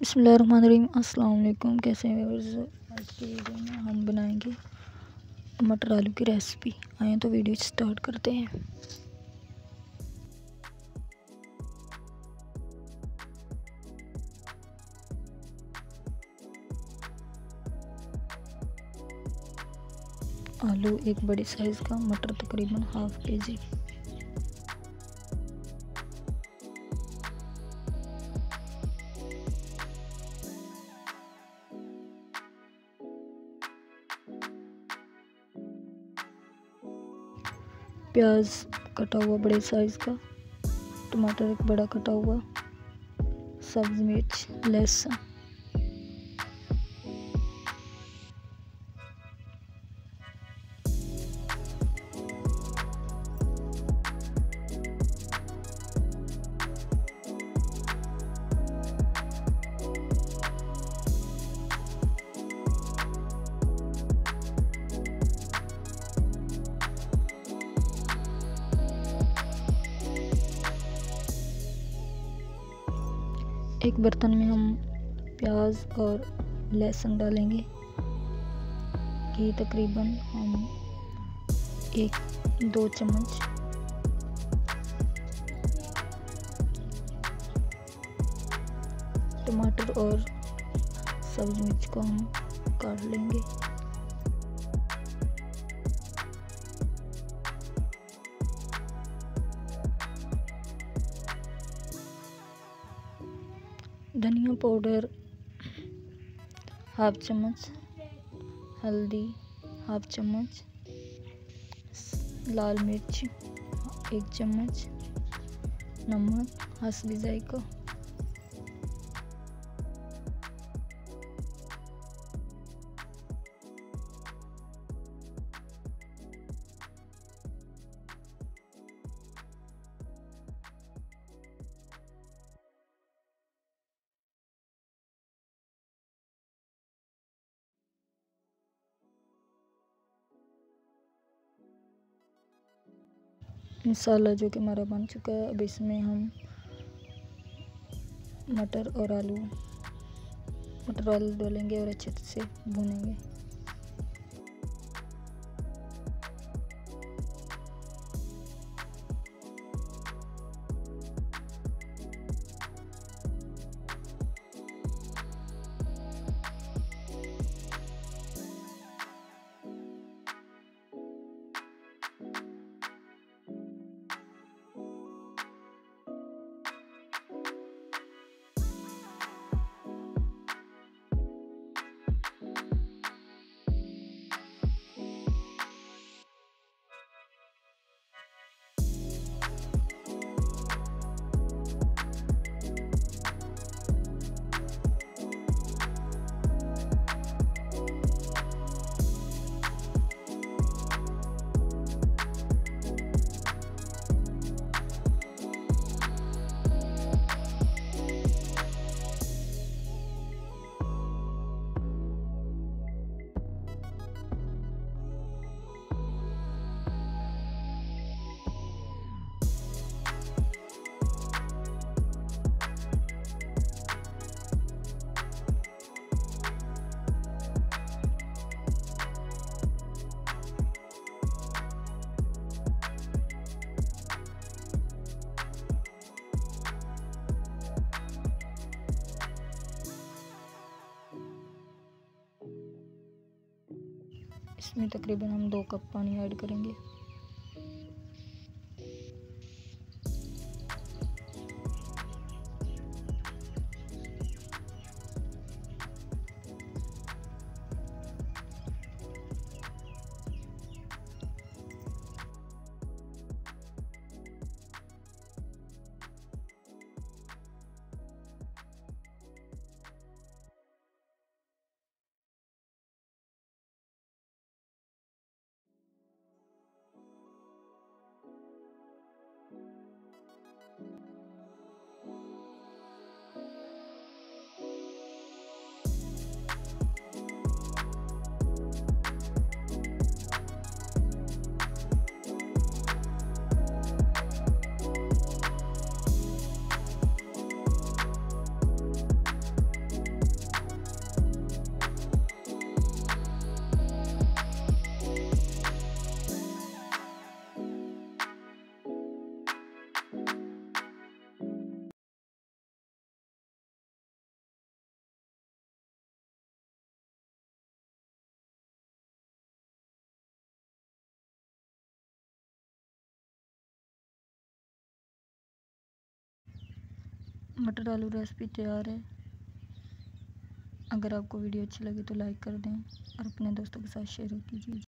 बसमीम अल्लाम कैसे व्यूवर्स आज के वीडियो में हम बनाएंगे मटर आलू की रेसिपी आए तो वीडियो स्टार्ट करते हैं आलू एक बड़े साइज़ का मटर तकरीबन हाफ के जी प्याज कटा हुआ बड़े साइज़ का टमाटर एक बड़ा कटा हुआ सब्ज़ मिर्च लहसुन एक बर्तन में हम प्याज और लहसुन डालेंगे घी तकरीबन हम एक दो चम्मच टमाटर और सब्ज मिर्च को हम काट लेंगे धनिया पाउडर हाफ चम्मच हल्दी हाफ चम्मच लाल मिर्च एक चम्मच नमक हंसबी जायका मसाला जो कि हमारा बन चुका है अब इसमें हम मटर और आलू मटर आलू डालेंगे और अच्छे से भुनेंगे इसमें तकरीबन हम दो कप पानी ऐड करेंगे मटर आलू रेसिपी तैयार है अगर आपको वीडियो अच्छी लगी तो लाइक कर दें और अपने दोस्तों के साथ शेयर कीजिए